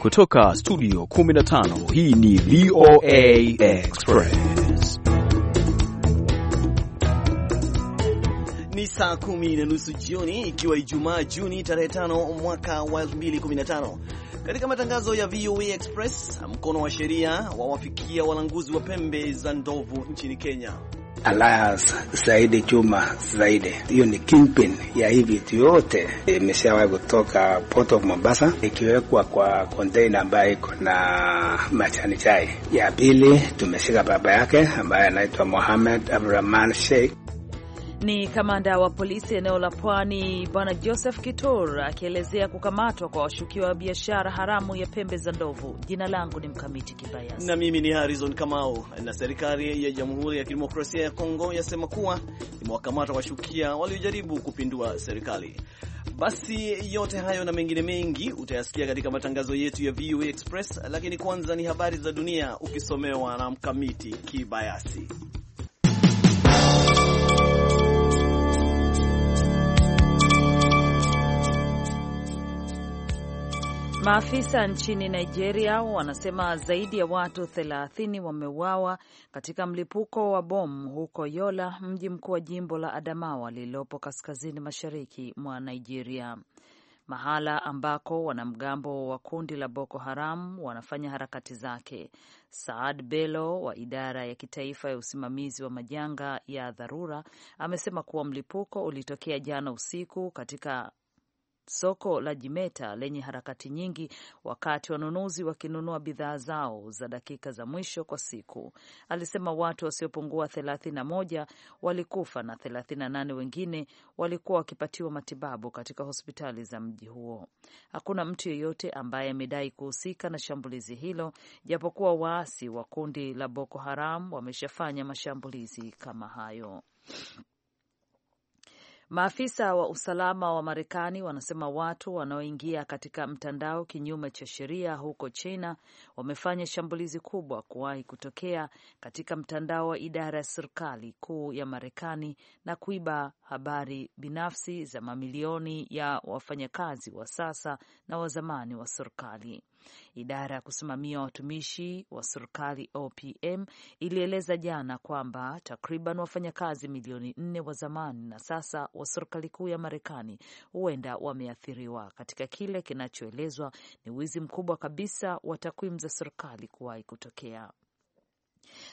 Kutoka studio 15 hii ni VOA Express. Ni saa kumi na nusu jioni ikiwa Ijumaa Juni tarehe 5 mwaka wa 2015. Katika matangazo ya VOA Express, mkono wa sheria wawafikia walanguzi wa pembe za ndovu nchini Kenya. Alias Saidi Juma zaidi hiyo ni kingpin ya hii vitu yote. Imeshawahi kutoka Port of Mombasa ikiwekwa kwa konteina ambayo iko na machani chai. Ya pili tumeshika baba yake ambaye anaitwa Mohamed Abdurahman Sheikh ni kamanda wa polisi eneo la Pwani Bwana Joseph Kitor akielezea kukamatwa kwa washukiwa wa biashara haramu ya pembe za ndovu. Jina langu ni Mkamiti Kibayasi na mimi ni Harrison Kamau. Na serikali ya Jamhuri ya Kidemokrasia ya Kongo yasema kuwa imewakamata washukia waliojaribu kupindua serikali. Basi yote hayo na mengine mengi utayasikia katika matangazo yetu ya VOA Express, lakini kwanza ni habari za dunia ukisomewa na Mkamiti Kibayasi. Maafisa nchini Nigeria wanasema zaidi ya watu 30 wameuawa katika mlipuko wa bomu huko Yola, mji mkuu wa jimbo la Adamawa lililopo kaskazini mashariki mwa Nigeria, mahala ambako wanamgambo wa kundi la Boko Haram wanafanya harakati zake. Saad Bello wa idara ya kitaifa ya usimamizi wa majanga ya dharura amesema kuwa mlipuko ulitokea jana usiku katika soko la Jimeta lenye harakati nyingi, wakati wanunuzi wakinunua bidhaa zao za dakika za mwisho kwa siku. Alisema watu wasiopungua 31 walikufa na 38 wengine walikuwa wakipatiwa matibabu katika hospitali za mji huo. Hakuna mtu yeyote ambaye amedai kuhusika na shambulizi hilo, japokuwa waasi wa kundi la Boko Haram wameshafanya mashambulizi kama hayo. Maafisa wa usalama wa Marekani wanasema watu wanaoingia katika mtandao kinyume cha sheria huko China wamefanya shambulizi kubwa kuwahi kutokea katika mtandao wa idara ya serikali kuu ya Marekani na kuiba habari binafsi za mamilioni ya wafanyakazi wa sasa na wa zamani wa serikali. Idara ya kusimamia watumishi wa serikali OPM ilieleza jana kwamba takriban wafanyakazi milioni nne wa zamani na sasa wa serikali kuu ya Marekani huenda wameathiriwa katika kile kinachoelezwa ni wizi mkubwa kabisa wa takwimu za serikali kuwahi kutokea.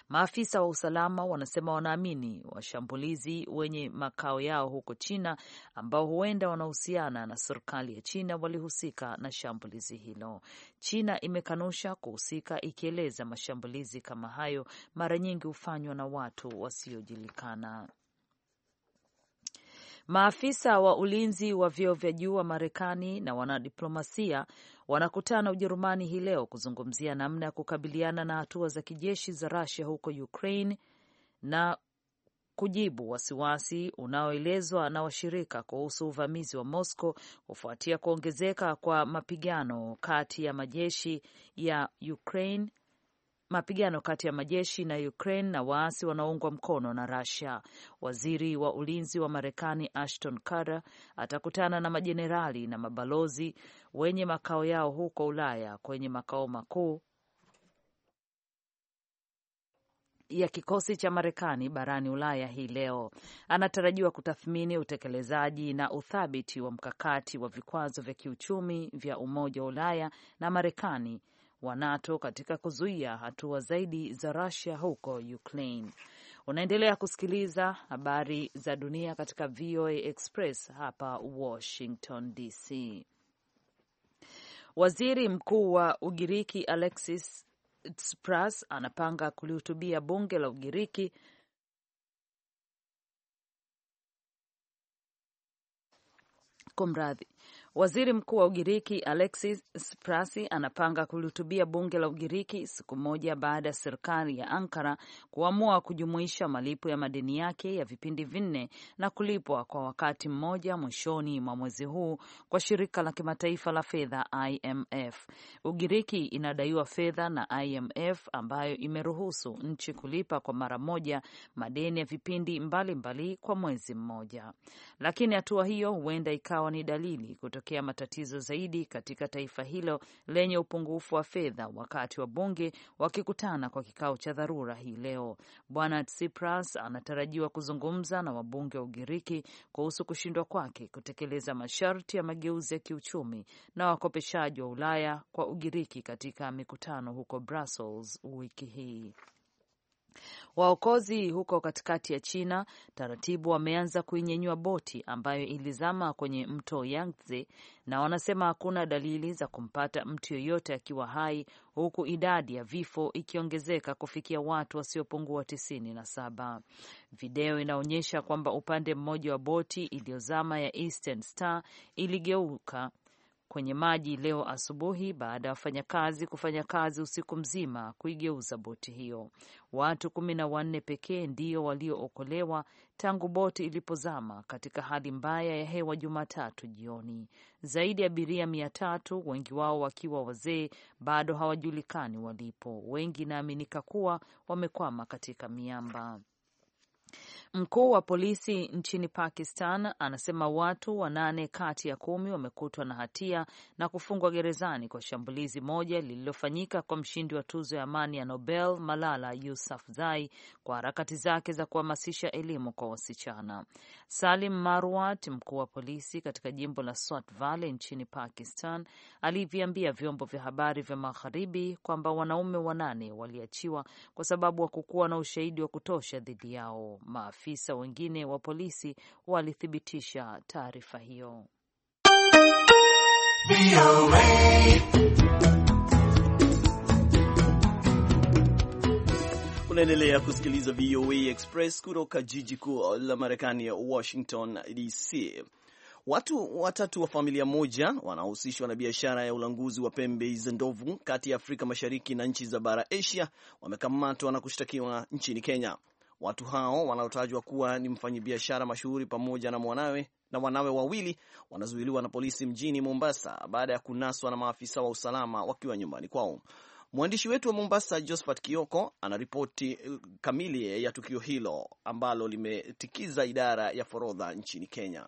Maafisa wa usalama wanasema wanaamini washambulizi wenye makao yao huko China ambao huenda wanahusiana na serikali ya China walihusika na shambulizi hilo. China imekanusha kuhusika, ikieleza mashambulizi kama hayo mara nyingi hufanywa na watu wasiojulikana. Maafisa wa ulinzi wa vyeo vya juu wa Marekani na wanadiplomasia wanakutana Ujerumani hii leo kuzungumzia namna ya kukabiliana na hatua za kijeshi za rasia huko Ukraine na kujibu wasiwasi unaoelezwa na washirika kuhusu uvamizi wa Moscow kufuatia kuongezeka kwa mapigano kati ya majeshi ya Ukraine mapigano kati ya majeshi na Ukraine na waasi wanaoungwa mkono na Russia. Waziri wa ulinzi wa Marekani Ashton Carter atakutana na majenerali na mabalozi wenye makao yao huko Ulaya kwenye makao makuu ya kikosi cha Marekani barani Ulaya hii leo. Anatarajiwa kutathmini utekelezaji na uthabiti wa mkakati wa vikwazo vya kiuchumi vya Umoja wa Ulaya na Marekani wa NATO katika kuzuia hatua zaidi za Russia huko Ukraine. Unaendelea kusikiliza habari za dunia katika VOA Express hapa Washington DC. Waziri Mkuu wa Ugiriki Alexis Tsipras anapanga kulihutubia bunge la Ugiriki Kumradhi, Waziri Mkuu wa Ugiriki Alexis Tsipras anapanga kulihutubia bunge la Ugiriki siku moja baada ya serikali ya Ankara kuamua kujumuisha malipo ya madeni yake ya vipindi vinne na kulipwa kwa wakati mmoja mwishoni mwa mwezi huu kwa shirika la kimataifa la fedha IMF. Ugiriki inadaiwa fedha na IMF ambayo imeruhusu nchi kulipa kwa mara moja madeni ya vipindi mbalimbali mbali kwa mwezi mmoja, lakini hatua hiyo huenda ikawa ni dalili kutokea matatizo zaidi katika taifa hilo lenye upungufu wa fedha, wakati wabunge wakikutana kwa kikao cha dharura hii leo. Bwana Tsipras anatarajiwa kuzungumza na wabunge wa Ugiriki kuhusu kushindwa kwake kutekeleza masharti ya mageuzi ya kiuchumi na wakopeshaji wa Ulaya kwa Ugiriki katika mikutano huko Brussels wiki hii. Waokozi huko katikati ya China taratibu wameanza kuinyenywa boti ambayo ilizama kwenye mto Yangtze, na wanasema hakuna dalili za kumpata mtu yoyote akiwa hai, huku idadi ya vifo ikiongezeka kufikia watu wasiopungua tisini na saba. Video inaonyesha kwamba upande mmoja wa boti iliyozama ya Eastern Star iligeuka kwenye maji leo asubuhi baada ya wafanyakazi kufanya kazi usiku mzima kuigeuza boti hiyo. Watu kumi na wanne pekee ndio waliookolewa tangu boti ilipozama katika hali mbaya ya hewa Jumatatu jioni. Zaidi ya abiria mia tatu, wengi wao wakiwa wazee, bado hawajulikani walipo. Wengi naaminika kuwa wamekwama katika miamba. Mkuu wa polisi nchini Pakistan anasema watu wanane kati ya kumi wamekutwa na hatia na kufungwa gerezani kwa shambulizi moja lililofanyika kwa mshindi wa tuzo ya amani ya Nobel Malala Yousafzai kwa harakati zake za kuhamasisha elimu kwa wasichana. Salim Marwat, mkuu wa polisi katika jimbo la Swat Valley nchini Pakistan, aliviambia vyombo vya habari vya magharibi kwamba wanaume wanane waliachiwa kwa sababu hakukuwa na ushahidi wa kutosha dhidi yao maafisa wengine wa polisi walithibitisha taarifa hiyo. Unaendelea kusikiliza VOA Express kutoka jiji kuu la Marekani Washington DC. Watu watatu wa familia moja wanaohusishwa na biashara ya ulanguzi wa pembe za ndovu kati ya Afrika Mashariki na nchi za bara Asia wamekamatwa na kushtakiwa nchini Kenya. Watu hao wanaotajwa kuwa ni mfanyabiashara mashuhuri pamoja na mwanawe na wanawe wawili wanazuiliwa na polisi mjini Mombasa baada ya kunaswa na maafisa wa usalama wakiwa nyumbani kwao. Mwandishi wetu wa Mombasa, Josphat Kioko, anaripoti eh, kamili ya tukio hilo ambalo limetikiza idara ya forodha nchini Kenya.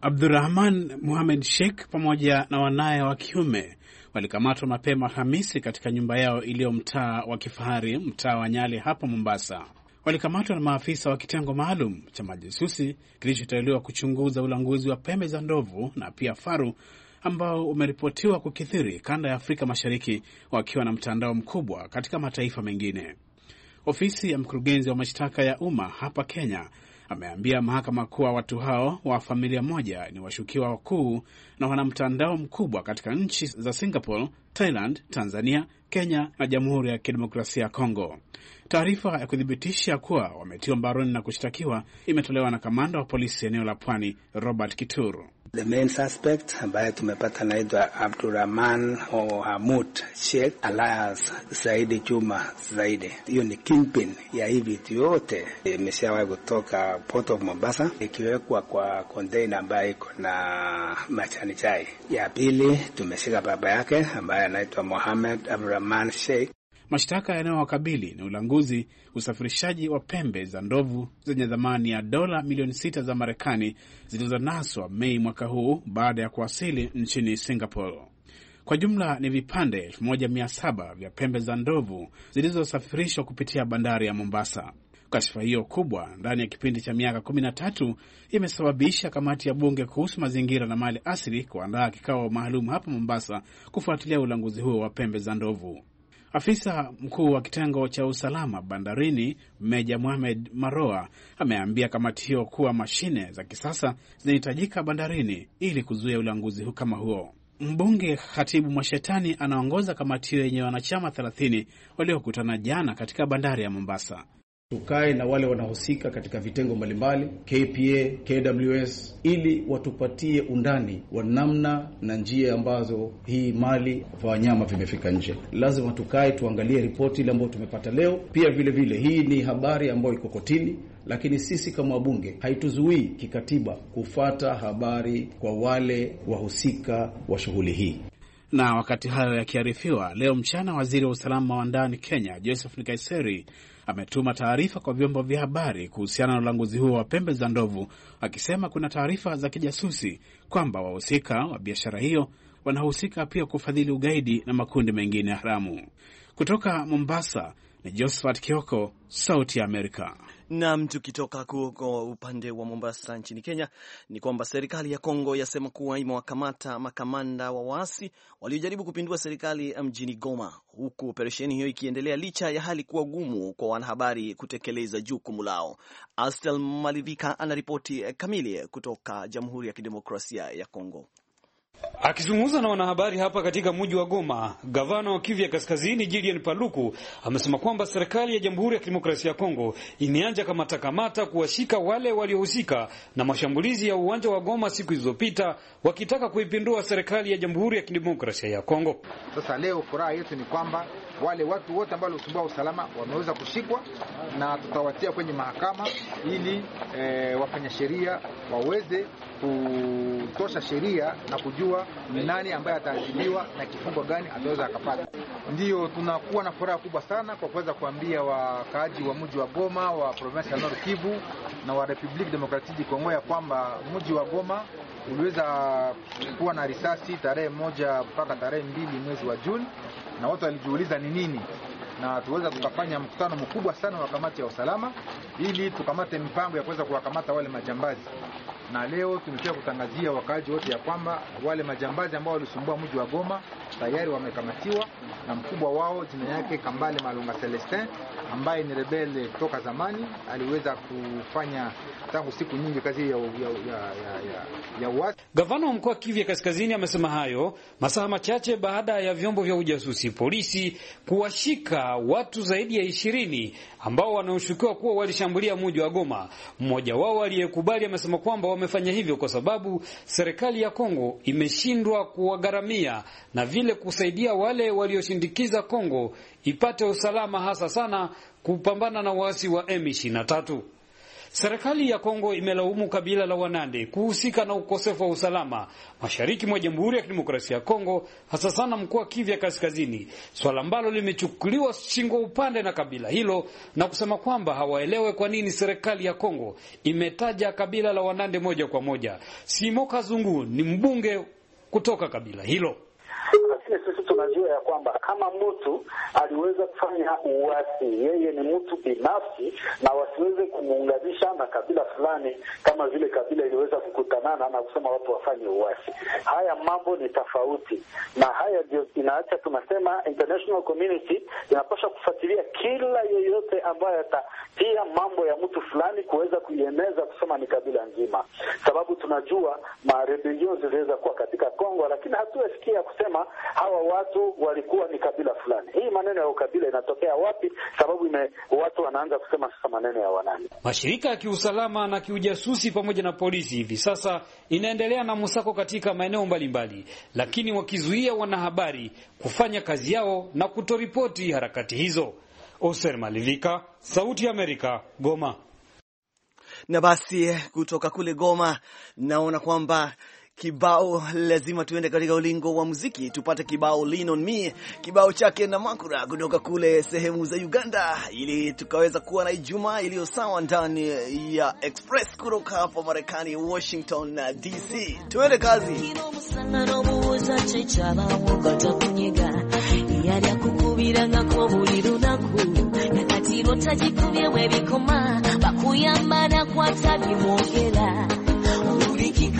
Abdurahman Muhamed Sheikh pamoja na wanaye wa kiume walikamatwa mapema Hamisi katika nyumba yao iliyo mtaa wa kifahari, mtaa wa Nyali hapa Mombasa walikamatwa na maafisa wa kitengo maalum cha majasusi kilichoteuliwa kuchunguza ulanguzi wa pembe za ndovu na pia faru ambao umeripotiwa kukithiri kanda ya Afrika Mashariki, wakiwa na mtandao mkubwa katika mataifa mengine. Ofisi ya mkurugenzi wa mashtaka ya umma hapa Kenya ameambia mahakama kuwa watu hao wa familia moja ni washukiwa wakuu na wana mtandao mkubwa katika nchi za Singapore, Thailand, Tanzania, Kenya na Jamhuri ya Kidemokrasia ya Kongo. Taarifa ya kuthibitisha kuwa wametiwa mbaroni na kushtakiwa imetolewa na kamanda wa polisi eneo la Pwani, Robert Kituru. The main suspect ambaye tumepata naitwa Abdurahman Hamud Sheikh Alias Saidi Juma Zaidi. Hiyo ni kingpin ya hii vitu yote, imeshawahi kutoka Port of Mombasa ikiwekwa kwa container ambayo iko na machani chai. Ya pili tumeshika baba yake ambaye anaitwa Mohamed Abdurahman Sheikh mashtaka yanayowakabili ni ulanguzi, usafirishaji wa pembe za ndovu zenye thamani ya dola milioni sita za Marekani zilizonaswa Mei mwaka huu baada ya kuwasili nchini Singapore. Kwa jumla ni vipande 1700 vya pembe za ndovu zilizosafirishwa kupitia bandari ya Mombasa. Kashfa hiyo kubwa ndani ya kipindi cha miaka 13 imesababisha kamati ya bunge kuhusu mazingira na mali asili kuandaa kikao maalum hapa Mombasa kufuatilia ulanguzi huo wa pembe za ndovu. Afisa mkuu wa kitengo cha usalama bandarini Meja Mohamed Maroa ameambia kamati hiyo kuwa mashine za kisasa zinahitajika bandarini ili kuzuia ulanguzi kama huo. Mbunge Khatibu Mwashetani anaongoza kamati hiyo yenye wanachama 30 waliokutana jana katika bandari ya Mombasa tukae na wale wanahusika katika vitengo mbalimbali KPA, KWS, ili watupatie undani wa namna na njia ambazo hii mali kwa wanyama vimefika nje. Lazima tukae tuangalie ripoti ile ambayo tumepata leo. Pia vile vile, hii ni habari ambayo iko kotini, lakini sisi kama wabunge haituzuii kikatiba kufata habari kwa wale wahusika wa shughuli hii. Na wakati hayo yakiarifiwa, leo mchana, waziri wa usalama wa ndani Kenya Joseph Nkaiseri ametuma taarifa kwa vyombo vya habari kuhusiana na ulanguzi huo wa pembe za ndovu, akisema kuna taarifa za kijasusi kwamba wahusika wa, biashara hiyo wanahusika pia kufadhili ugaidi na makundi mengine haramu. Kutoka Mombasa ni Josephat Kioko, Sauti ya Amerika. Nam, tukitoka kuko upande wa Mombasa nchini Kenya, ni kwamba serikali ya Kongo yasema kuwa imewakamata makamanda wa waasi waliojaribu kupindua serikali eh, mjini Goma, huku operesheni hiyo ikiendelea licha ya hali kuwa gumu kwa wanahabari kutekeleza jukumu lao. Astel Malivika anaripoti eh, kamili eh, kutoka Jamhuri ya Kidemokrasia ya Kongo. Akizungumza na wanahabari hapa katika mji wa Goma, gavana wa Kivu ya Kaskazini Julian Paluku amesema kwamba serikali ya Jamhuri ya Kidemokrasia ya Kongo imeanja kamata kamata kuwashika wale waliohusika na mashambulizi ya uwanja wa Goma siku zilizopita, wakitaka kuipindua serikali ya Jamhuri ya Kidemokrasia ya Kongo. Sasa leo furaha yetu ni kwamba wale watu wote ambao walisumbua usalama wameweza kushikwa na tutawatia kwenye mahakama ili e, wafanya sheria waweze kutosha sheria na kujua ni nani ambaye ataadhibiwa na kifungo gani ataweza akapata. Ndiyo, tunakuwa na furaha kubwa sana kwa kuweza kuambia wakaaji wa mji wa Goma wa provinsi ya Nord Kivu na wa Republique Democratique du Congo ya kwamba mji wa Goma uliweza kuwa na risasi tarehe moja mpaka tarehe mbili mwezi wa Juni na watu walijiuliza ni nini, na tuweza tukafanya mkutano mkubwa sana wa kamati ya usalama ili tukamate mipango ya kuweza kuwakamata wale majambazi na leo tumekuja kutangazia wakaaji wote ya kwamba wale majambazi ambao walisumbua mji wa Goma tayari wamekamatiwa na mkubwa wao jina yake Kambale Malunga Celestin ambaye ni rebele toka zamani, aliweza kufanya tangu siku nyingi kazi ya, ya, ya, ya, ya uasi. Gavana wa mkoa Kivu Kaskazini amesema hayo masaa machache baada ya vyombo vya ujasusi polisi kuwashika watu zaidi ya ishirini ambao wanaoshukiwa kuwa walishambulia mji wa Goma. Mmoja wao aliyekubali amesema kwamba wamefanya hivyo kwa sababu serikali ya Kongo imeshindwa kuwagharamia na vile kusaidia wale walioshindikiza Kongo ipate usalama hasa sana kupambana na waasi wa M23. Serikali ya Kongo imelaumu kabila la Wanande kuhusika na ukosefu wa usalama mashariki mwa Jamhuri ya Kidemokrasia ya Kongo, hasa sana mkoa Kivu Kaskazini, swala ambalo limechukuliwa shingo upande na kabila hilo na kusema kwamba hawaelewe kwa nini serikali ya Kongo imetaja kabila la Wanande moja kwa moja. Simo Kazungu ni mbunge kutoka kabila hilo ya kwamba kama mtu aliweza kufanya uasi, yeye ni mtu binafsi, na wasiweze kumuunganisha na kabila fulani, kama vile kabila iliweza kukutanana na kusema watu wafanye uasi. Haya mambo ni tofauti, na haya ndio inaacha tunasema international community inapaswa kufuatilia kila yeyote ambayo atatia mambo ya mtu fulani kuweza kuieneza kusema ni kabila nzima, sababu tunajua marebelio ziliweza kuwa katika Kongo, lakini hatuwasikia kusema hawa watu walikuwa ni kabila fulani. Hii maneno ya ukabila inatokea wapi? Sababu ime, watu wanaanza kusema sasa maneno ya wanani. Mashirika ya kiusalama na kiujasusi pamoja na polisi hivi sasa inaendelea na msako katika maeneo mbalimbali, lakini wakizuia wanahabari kufanya kazi yao na kutoripoti harakati hizo. Oser Malivika, Sauti ya Amerika, Goma. Na basi kutoka kule Goma naona kwamba kibao lazima tuende katika ulingo wa muziki tupate kibao Lean on Me, kibao chake na Makura kutoka kule sehemu za Uganda, ili tukaweza kuwa na Ijumaa iliyo sawa ndani ya Express kutoka hapa Marekani, Washington DC. Tuende kazi.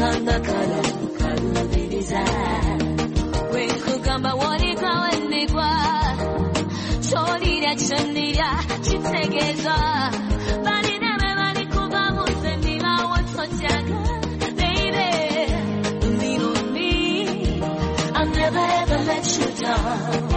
kangakala on me I'll never ever let you down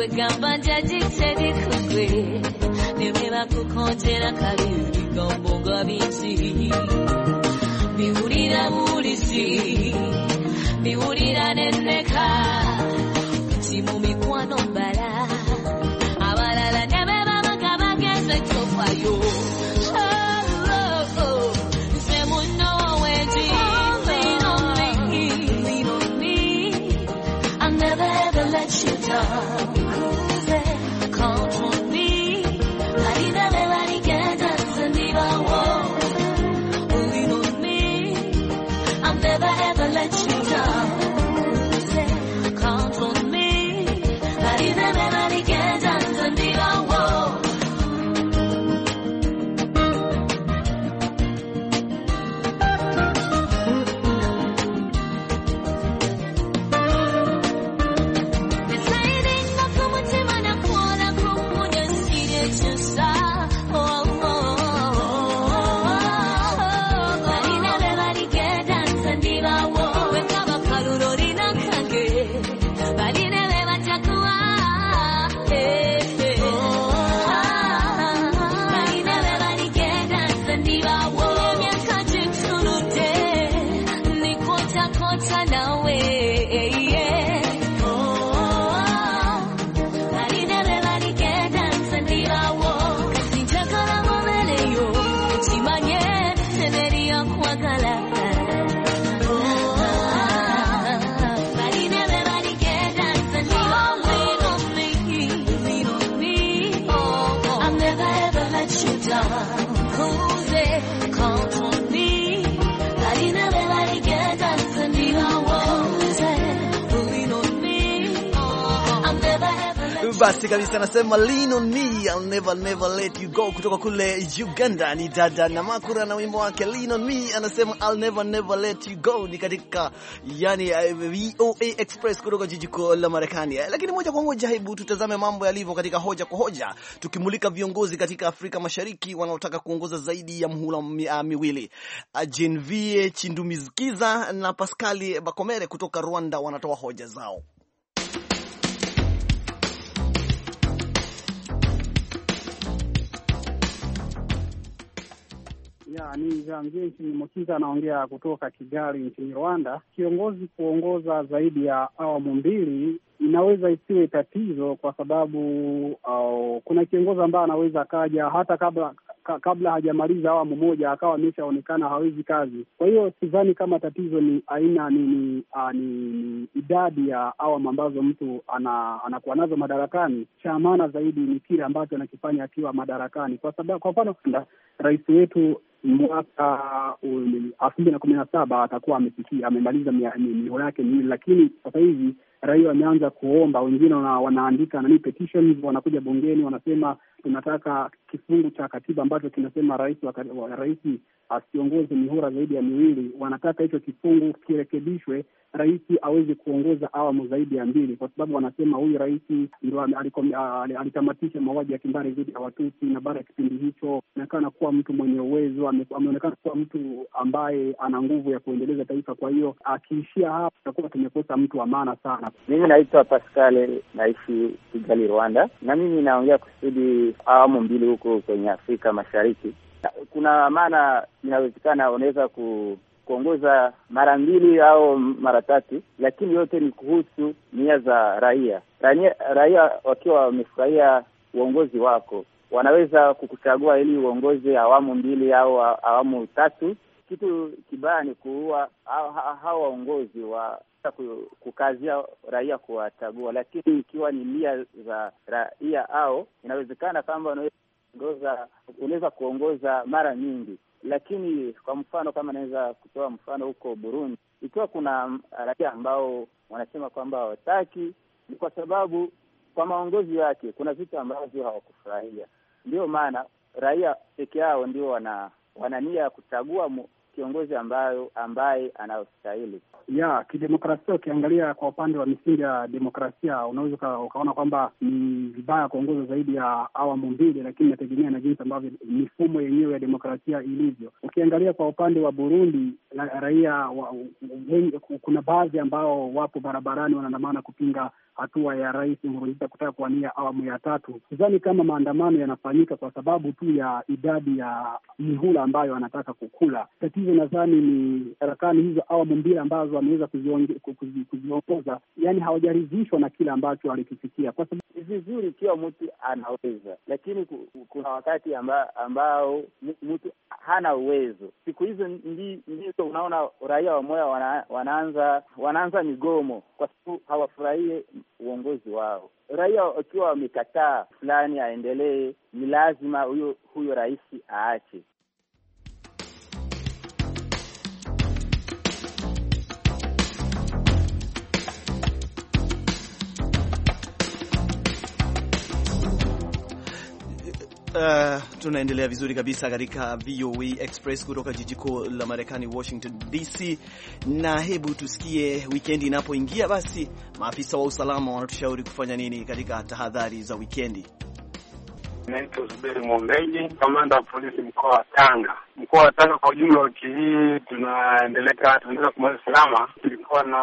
kwegamba njagi teri kugwe neme bakukonjera kali ebigambo Never ever let you down. safi kabisa, anasema lean on me I'll never never let you go, kutoka kule Uganda. Ni dada na Makura na wimbo wake lean on me, anasema I'll never never let you go. Ni katika yani eh, VOA Express kutoka jiji kuu la Marekani. Eh, lakini moja kwa moja, hebu tutazame mambo yalivyo katika hoja kwa hoja, tukimulika viongozi katika Afrika Mashariki wanaotaka kuongoza zaidi ya mhula mi, uh, miwili. Jenvie ah, Chindumizikiza na Pascali Bakomere kutoka Rwanda wanatoa hoja zao. ya ni Janvier Nshimyimukiza anaongea kutoka Kigali nchini Rwanda. Kiongozi kuongoza zaidi ya awamu mbili inaweza isiwe tatizo, kwa sababu au, kuna kiongozi ambaye anaweza akaja hata kabla kabla hajamaliza awamu moja akawa ameshaonekana hawezi kazi. Kwa hiyo sidhani kama tatizo ni aina ni, ni, a, ni, ni idadi ya awamu ambazo mtu ana, anakuwa nazo madarakani. Cha maana zaidi ni kile ambacho anakifanya akiwa madarakani, kwa sababu kwa mfano rais wetu mwaka elfu mbili na kumi na saba atakuwa amefikia amemaliza mihula yake miwili, lakini sasa hivi raia wameanza kuomba, wengine wana, wanaandika nani petitions, wanakuja bungeni wanasema tunataka kifungu cha katiba ambacho kinasema rais rais asiongoze mihura zaidi ya miwili. Wanataka hicho kifungu kirekebishwe, rais aweze kuongoza awamu zaidi ya mbili, kwa sababu wanasema huyu rais alitamatisha mauaji ya kimbari dhidi ya Watusi, na baada ya kipindi hicho anaonekana kuwa mtu mwenye uwezo, ameonekana kuwa mtu ambaye ana nguvu ya kuendeleza taifa. Kwa hiyo akiishia hapa, tutakuwa tumekosa mtu wa maana sana. Mimi naitwa Paskale, naishi Kigali, Rwanda, na mimi naongea kusudi awamu mbili huko kwenye Afrika Mashariki. Kuna maana inawezekana unaweza ku kuongoza mara mbili au mara tatu, lakini yote ni kuhusu nia za raia. Raia, raia wakiwa wamefurahia uongozi wako wanaweza kukuchagua ili uongozi awamu mbili au awamu tatu, kitu kibaya ni kuua hawa waongozi wa kukazia raia kuwachagua, lakini ikiwa ni nia za raia au inawezekana kwamba unaweza kuongoza mara nyingi, lakini kwa mfano kama naweza kutoa mfano huko Burundi, ikiwa kuna raia ambao wanasema kwamba hawataki, ni kwa sababu kwa maongozi yake kuna vitu ambavyo hawakufurahia. Ndio maana raia peke yao ndio wana wana nia ya kuchagua kiongozi ambayo ambaye anayostahili ya kidemokrasia. Ukiangalia kwa upande wa misingi ya demokrasia, unaweza ukaona kwamba ni vibaya kuongoza zaidi ya awamu mbili, lakini inategemea na jinsi ambavyo mifumo yenyewe ya demokrasia ilivyo. Ukiangalia kwa upande wa Burundi raia wa, kuna baadhi ambao wapo barabarani wanaandamana kupinga hatua ya Rais Nkurunziza kutaka kuwania awamu ya tatu. Sidhani kama maandamano yanafanyika kwa sababu tu ya idadi ya mihula ambayo anataka kukula. Tatizo nadhani ni harakani hizo awamu mbili ambazo wameweza kuziongoza, yani hawajaridhishwa na kile ambacho walikifikia. Kwa sababu ni vizuri ikiwa mtu anaweza, lakini kuna wakati amba, ambao mtu hana uwezo. Siku hizo ndizo so unaona raia wa moya wana, wanaanza wanaanza migomo kwa sababu hawafurahie uongozi wao. Raia wakiwa wamekataa fulani aendelee, ni lazima huyo huyo rais aache. Uh, tunaendelea vizuri kabisa katika VOA Express kutoka jiji kuu la Marekani Washington DC, na hebu tusikie wikendi inapoingia, basi maafisa wa usalama wanatushauri kufanya nini katika tahadhari za wikendi. Naitwa Zuberi Mwombeji, kamanda wa polisi mkoa wa Tanga. Mkoa wa Tanga kwa ujumla, wiki hii tunaendelea tunaendelea kumaliza usalama. Tulikuwa na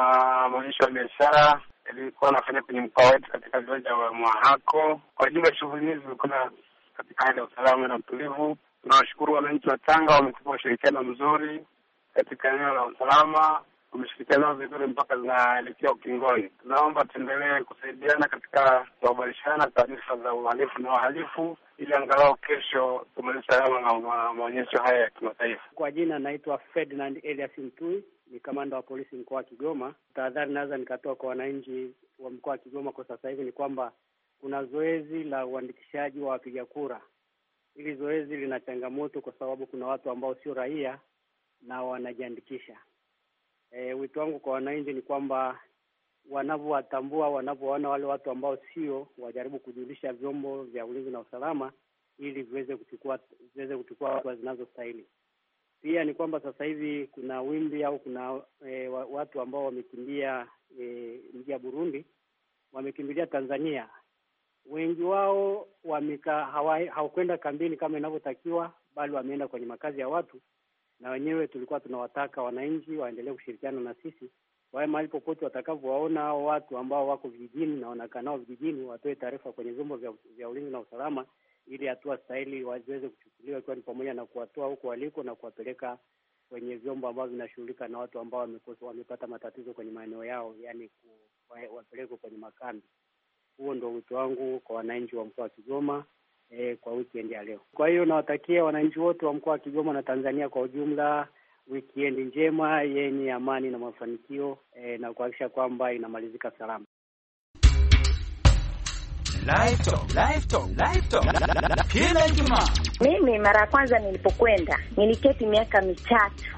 maonyesho ya biashara ilikuwa nafanya kwenye mkoa wetu katika viwanja vya Mwahako. Kwa jumla shughuli hizi zilikuwa katika hali ya usalama na utulivu. Tunawashukuru wananchi wa Tanga, wametupa ushirikiano mzuri katika eneo la usalama, wameshirikiana vizuri mpaka zinaelekea ukingoni. Tunaomba tuendelee kusaidiana katika kuhabarishana taarifa za uhalifu na wahalifu ili angalau kesho tumalize salama na maonyesho haya ya kimataifa. Kwa jina naitwa Ferdinand Elias Mtui, ni kamanda wa polisi mkoa wa Kigoma. Tahadhari naweza nikatoa kwa wananchi wa mkoa wa Kigoma kwa sasa hivi ni kwamba kuna zoezi la uandikishaji wa wapiga kura. Hili zoezi lina changamoto kwa sababu kuna watu ambao sio raia na wanajiandikisha. E, wito wangu kwa wananchi ni kwamba wanavyowatambua, wanavyowaona wale watu ambao sio, wajaribu kujulisha vyombo vya ulinzi na usalama ili viweze kuchukua ziweze kuchukua hatua zinazostahili. Pia ni kwamba sasa hivi kuna wimbi au kuna e, watu ambao wamekimbia e, ya Burundi wamekimbilia Tanzania. Wengi wao wamekaa, hawakwenda kambini kama inavyotakiwa, bali wameenda kwenye makazi ya watu, na wenyewe tulikuwa tunawataka wananchi waendelee kushirikiana na sisi, wawe mahali popote watakavyowaona hao watu ambao wako vijijini na wanakaa nao vijijini, watoe taarifa kwenye vyombo vya, vya ulinzi na usalama ili hatua stahili waziweze kuchukuliwa, ikiwa ni pamoja na kuwatoa huko waliko na kuwapeleka kwenye vyombo ambavyo vinashughulika na watu ambao wamekosa, wamepata matatizo kwenye maeneo yao, yani wapelekwe kwenye makambi. Huo ndo wito wangu kwa wananchi wa mkoa wa Kigoma e, kwa weekend ya leo. Kwa hiyo nawatakia wananchi wote wa mkoa wa Kigoma na Tanzania kwa ujumla weekend njema yenye amani na mafanikio e, na kuhakikisha kwamba inamalizika salama. Mimi mara ya kwanza nilipokwenda niliketi miaka mitatu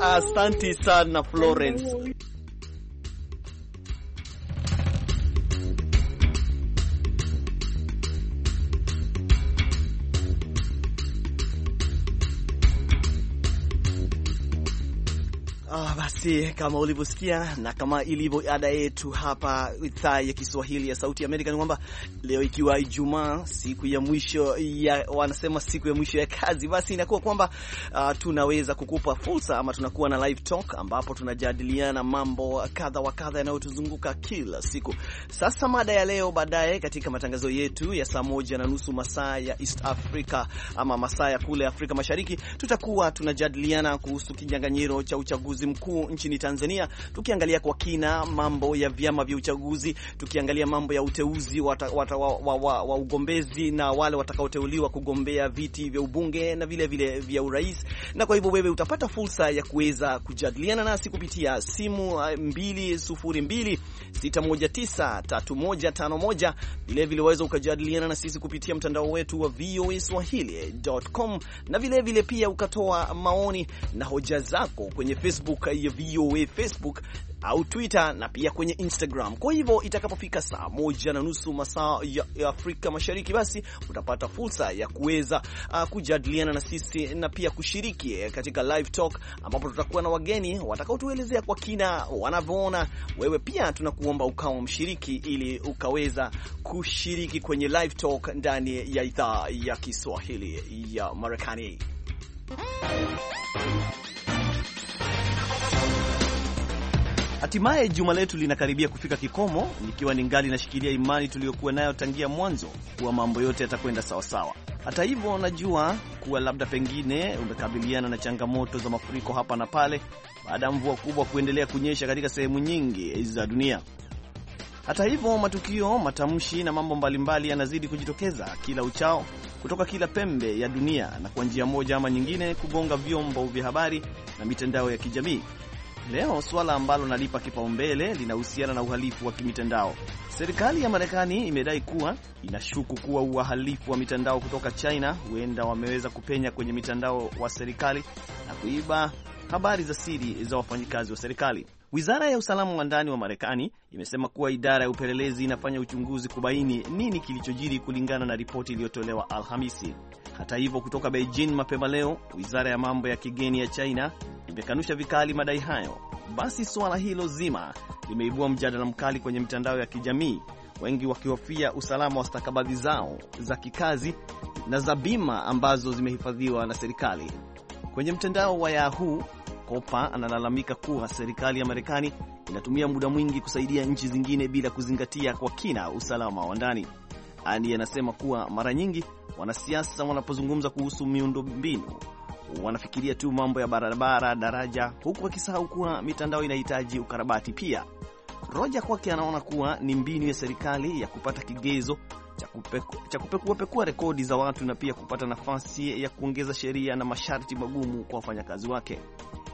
Asante sana Florence. basi, kama ulivyosikia na kama ilivyo ada yetu hapa idhaa ya Kiswahili ya Sauti ya Amerika ni kwamba leo ikiwa Ijumaa, siku ya mwisho ya wanasema siku ya mwisho ya kazi, basi inakuwa kwamba uh, tunaweza kukupa fursa ama tunakuwa na live talk ambapo tunajadiliana mambo kadha wa kadha yanayotuzunguka kila siku. Sasa mada ya leo baadaye katika matangazo yetu ya saa moja na nusu masaa ya East Africa ama masaa ya kule Afrika Mashariki, tutakuwa tunajadiliana kuhusu kinyang'anyiro cha uchaguzi mkuu nchini Tanzania, tukiangalia kwa kina mambo ya vyama vya uchaguzi, tukiangalia mambo ya uteuzi wa, wa, wa, wa, wa, wa ugombezi na wale watakaoteuliwa kugombea viti vya ubunge na vile vile vya urais. Na kwa hivyo wewe utapata fursa ya kuweza kujadiliana nasi kupitia simu 202 eh, 619 vile vile waweza ukajadiliana na sisi kupitia mtandao wetu wa VOA na vile vile pia ukatoa maoni na hoja zako kwenye Facebook ya VOA Facebook au Twitter na pia kwenye Instagram. Kwa hivyo itakapofika saa moja na nusu masaa ya Afrika Mashariki, basi utapata fursa ya kuweza uh, kujadiliana na sisi na pia kushiriki eh, katika live talk, ambapo tutakuwa na wageni watakaotuelezea kwa kina wanavyoona. Wewe pia tunakuomba ukawa mshiriki ili ukaweza kushiriki kwenye live talk ndani ya idhaa ya Kiswahili ya Marekani. Hatimaye juma letu linakaribia kufika kikomo, nikiwa ngali nashikilia imani tuliyokuwa nayo tangia mwanzo kuwa mambo yote yatakwenda sawasawa. Hata hivyo, najua kuwa labda pengine umekabiliana na changamoto za mafuriko hapa na pale baada ya mvua kubwa kuendelea kunyesha katika sehemu nyingi za dunia. Hata hivyo, matukio, matamshi na mambo mbalimbali yanazidi kujitokeza kila uchao kutoka kila pembe ya dunia na kwa njia moja ama nyingine kugonga vyombo vya habari na mitandao ya kijamii Leo suala ambalo nalipa kipaumbele linahusiana na uhalifu wa kimitandao. Serikali ya Marekani imedai kuwa inashuku kuwa wahalifu wa mitandao kutoka China huenda wameweza kupenya kwenye mitandao wa serikali na kuiba habari za siri za wafanyikazi wa serikali. Wizara ya usalama wa ndani wa Marekani imesema kuwa idara ya upelelezi inafanya uchunguzi kubaini nini kilichojiri kulingana na ripoti iliyotolewa Alhamisi. Hata hivyo, kutoka Beijing mapema leo, wizara ya mambo ya kigeni ya China imekanusha vikali madai hayo. Basi suala hilo zima limeibua mjadala mkali kwenye mitandao ya kijamii, wengi wakihofia usalama wa stakabadhi zao za kikazi na za bima ambazo zimehifadhiwa na serikali. Kwenye mtandao wa Yahoo Kopa analalamika kuwa serikali ya Marekani inatumia muda mwingi kusaidia nchi zingine bila kuzingatia kwa kina usalama wa ndani. Ani anasema kuwa mara nyingi wanasiasa wanapozungumza kuhusu miundombinu wanafikiria tu mambo ya barabara, daraja, huku wakisahau kuwa mitandao inahitaji ukarabati pia. Roja kwake anaona kuwa ni mbinu ya serikali ya kupata kigezo cha kupekuapekua rekodi za watu na pia kupata nafasi ya kuongeza sheria na masharti magumu kwa wafanyakazi wake.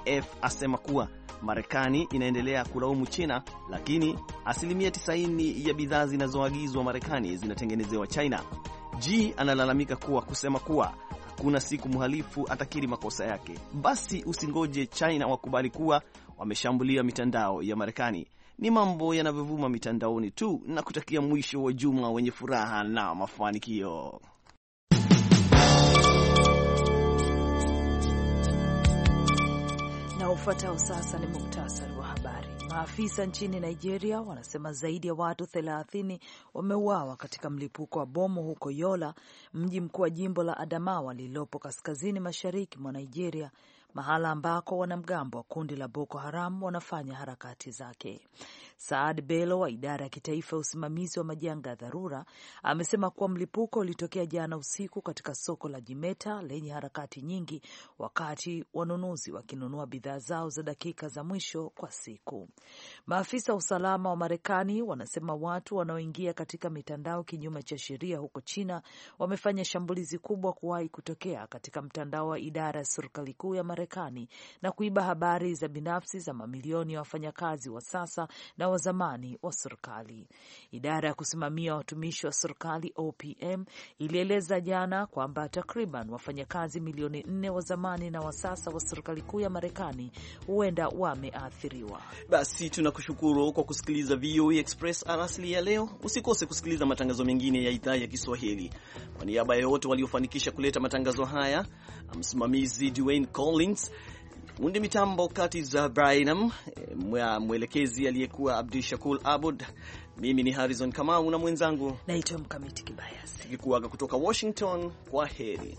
F asema kuwa Marekani inaendelea kulaumu China, lakini asilimia 90 ya bidhaa zinazoagizwa Marekani zinatengenezewa China. G analalamika kuwa kusema kuwa kuna siku mhalifu atakiri makosa yake, basi usingoje China wakubali kuwa wameshambulia mitandao ya Marekani ni mambo yanavyovuma mitandaoni tu, na kutakia mwisho wa juma wenye furaha na mafanikio. Na ufuatao sasa ni muktasari wa habari. Maafisa nchini Nigeria wanasema zaidi ya watu thelathini wameuawa katika mlipuko wa bomu huko Yola, mji mkuu wa jimbo la Adamawa lililopo kaskazini mashariki mwa Nigeria, mahala ambako wanamgambo wa kundi la Boko Haram wanafanya harakati zake. Saad Belo wa idara ya kitaifa ya usimamizi wa majanga ya dharura amesema kuwa mlipuko ulitokea jana usiku katika soko la Jimeta lenye harakati nyingi, wakati wanunuzi wakinunua bidhaa zao za dakika za mwisho kwa siku. Maafisa wa usalama wa Marekani wanasema watu wanaoingia katika mitandao kinyume cha sheria huko China wamefanya shambulizi kubwa kuwahi kutokea katika mtandao wa idara ya serikali kuu ya Marekani na kuiba habari za binafsi za mamilioni ya wafanyakazi wa sasa na na wa zamani wa serikali. Idara ya kusimamia watumishi wa serikali OPM ilieleza jana kwamba takriban wafanyakazi milioni nne wa zamani na wa sasa wa serikali kuu ya Marekani huenda wameathiriwa. Basi tunakushukuru kwa kusikiliza VOA e Express arasli ya leo. Usikose kusikiliza matangazo mengine ya idhaa ya Kiswahili. Kwa niaba ya wote waliofanikisha kuleta matangazo haya, msimamizi Dwayne Collins Fundi mitambo kati za Brainam, eh, mwelekezi aliyekuwa Abdu Shakur Abud. Mimi ni Harrison Kamau na mwenzangu naitwa Mkamiti Kibayasi, tukikuaga kutoka Washington. Kwa heri.